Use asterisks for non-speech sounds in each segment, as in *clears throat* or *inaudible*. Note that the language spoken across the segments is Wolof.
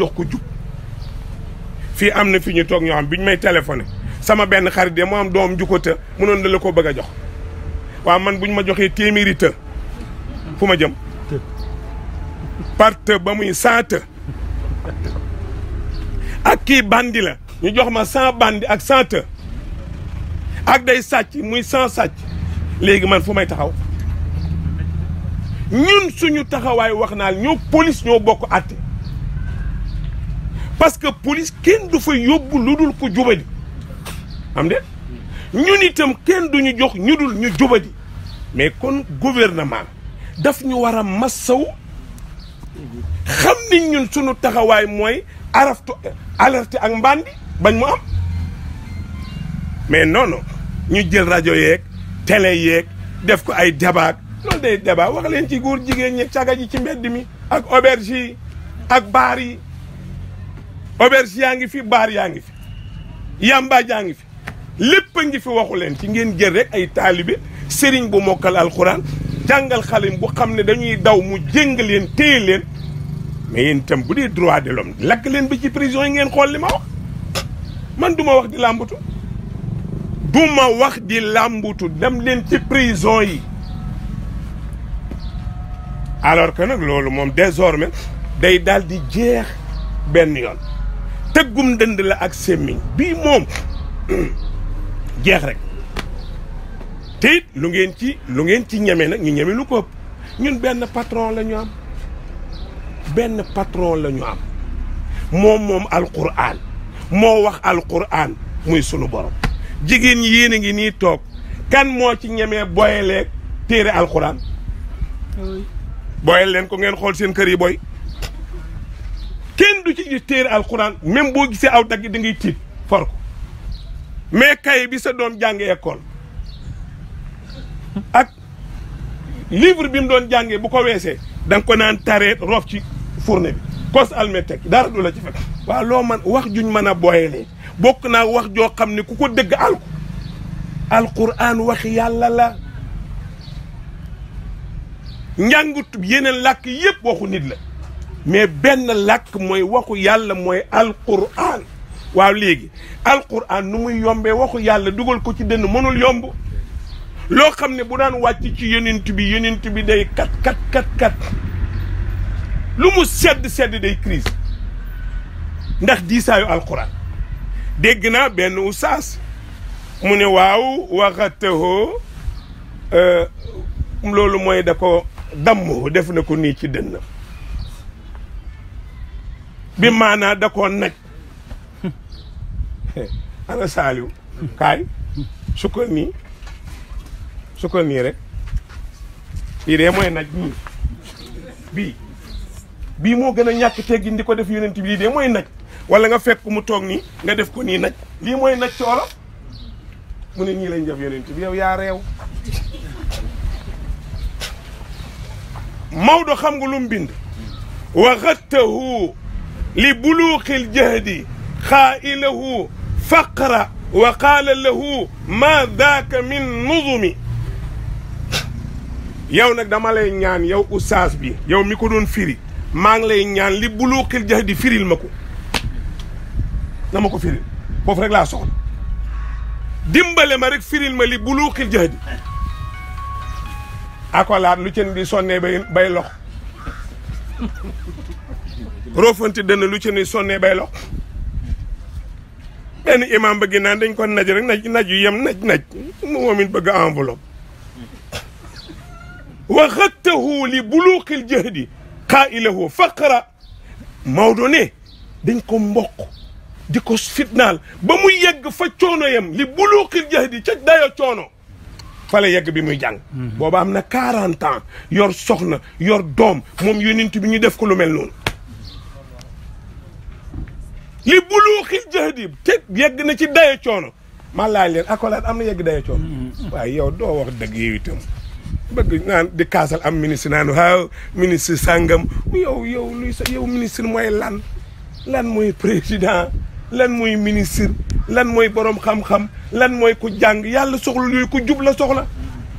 jox ko jub fii am na fi ñu toog ñoo xam bi ñu may téléphoné sama benn xarit de mu am doom ju ko të mënoon na la ko bëgg a jox waaw man buñ ma joxee téeméeri të fu ma jëm par të ba muy cent të ak kii bandi la ñu jox ma cent bandi ak cent të ak day sàcc muy cent sàcc léegi man fu may taxaw ñun suñu taxawaay wax naal ñoo police ñoo bokk àtte parce que police kenn du fa yóbbu lu dul ko jubadi am de ñun itam kenn du ñu jox ñu dul ñu jubadi mais kon gouvernement daf ñu war a massaw xam ni ñun suñu taxawaay mooy araftu alerte ak mbandi bañ mu am mais noonu ñu jël rajo yeeg télé yeeg def ko ay débat loolu day débat wax leen ci góor jigéen ñi caga ji ci mbedd mi ak auberge ak baar auberge yaa ngi fi baar yaa ngi fi yamba jaa ngi fi lépp a ngi fi waxu leen ci ngeen jël rek ay taalibe sëriñ bu mokkal alxuraan jàngal xale bu xam ne dañuy daw mu jéng leen téye leen mais yéen itam bu dee droit de l'homme lakk leen ba ci prison yi ngeen xool li ma wax man du ma wax di làmbatu du ma wax di làmbutu dem leen ci prison yi alors que nag loolu moom désormais day daal di jeex benn yoon tëggum ndënd la ak sémmiñ bii moom *clears throat* jeex rek te lu ngeen ci lu ngeen ci ñeme nag ñu ñeme lu ko ñun benn patron lañu am benn patron lañu am moom moom alquran moo wax alquran muy sunu borom jigéen ñi yéen a ngi nii toog kan moo ci ñemee boyeleeg téere alquran. booyal leen ko ngeen xool seen kër yi boy. du ci gis téere alxuraan même boo gisee aw dagg di ngay tiit for ko kay bi sa doom jàngee école ak livre bi mu doon jàngee bu ko weesee dang nga ko naan tareet roof ci fourne bi cos almetek dara du la ci fekk waaw loo man wax juñ mën a booyalee bokk naa wax joo xam ne ku ko dëgg alku alquran wax yàlla la njàngut yeneen lakk yépp waxu nit la mais benn lakk mooy waxu yàlla mooy alquran waaw léegi alquran nu muy yombe waxu yàlla dugal ko ci dënn mënul yomb loo xam ne bu daan wàcc ci yonent bi yonent bi day kat kat kat kat lu mu sedd sedd day crise ndax diisaayu alquran dégg naa benn oustaz mu ne waaw waxatahoo euh, loolu mooy da ko damm def na ko nii ci dënnam bi maanaa da koo naj ana saaliw kaay sukkal nii sukkal nii rek lii dee mooy naj bii bii moo gën a ñàkk teggin di ko def yonent bi lii dee mooy naj wala nga fekk mu toog nii nga def ko nii naj lii mooy naj ci olof mu ne nii lañ def yonent bi yow yaa reew Maodo xam nga lu mu bind waxatahu li buluuqil jahdi xaa'ilahu faqra wa qaala lahu maa daaka min nuzumi yow nag dama lay ñaan yow ustaas bi yow mi ko doon firi maa ngi lay ñaan li buluuqil jahdi firil ma ko na ma ko firil foofu rek laa soxla dimbale ma rek firil ma li buluuqil jahdi akolaat lu cen di sonnee bay bay lox roofanti dana lu ci ni sonnee bay lox benn imam bëgg naan dañ ko naj rek naj naj yu yem naj naj moom it bëgg enveloppe waxattahu li buluqil jahdi xaa ilahu faqra Maodo ne dañ ko mbokk di ko fitnaal ba mu yegg fa coono yam li buluqil jahdi ca dayo coono fa yegg bi muy jàng mhm. booba am na quarante ans yor soxna yor doom moom yonent bi ñu def ko lu mel noonu li buluuxil jahdi te yegg na ci daye coono ma laaj leen akolaat am na yegg daye coono mhm. waaye yow doo wax dëgg yow itam bëgg naan di kaasal am ministre naan waaw ministre sàngam yow yow luy sa yow ministre mooy lan lan mooy président lan mooy ministre lan mooy borom xam-xam lan mooy ku jàng yàlla soxla yooyu ku jub la soxla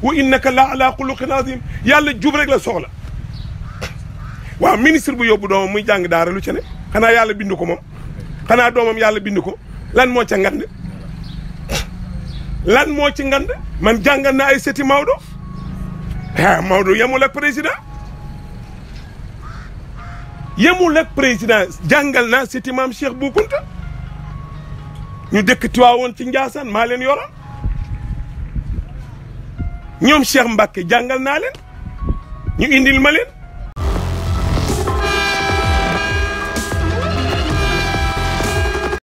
wa innaka la ala xuluqin azim yàlla jub rek la soxla waaw ministre bu yóbbu doomam muy jàng daara lu ca ne xanaa yàlla bind ko moom xanaa doomam yàlla bindi ko lan moo ca ngand lan moo ci ngand man jàngal na ay seti Maodo ah Maodo yemul ak président yemul ak président jàngal naa seti maam Cheikh Bou Kounta ñu dëkk Tiwaawoon ci Njaasaan maa leen yoroon ñoom Cheikh Mbacke jàngal naa leen ñu indil ma leen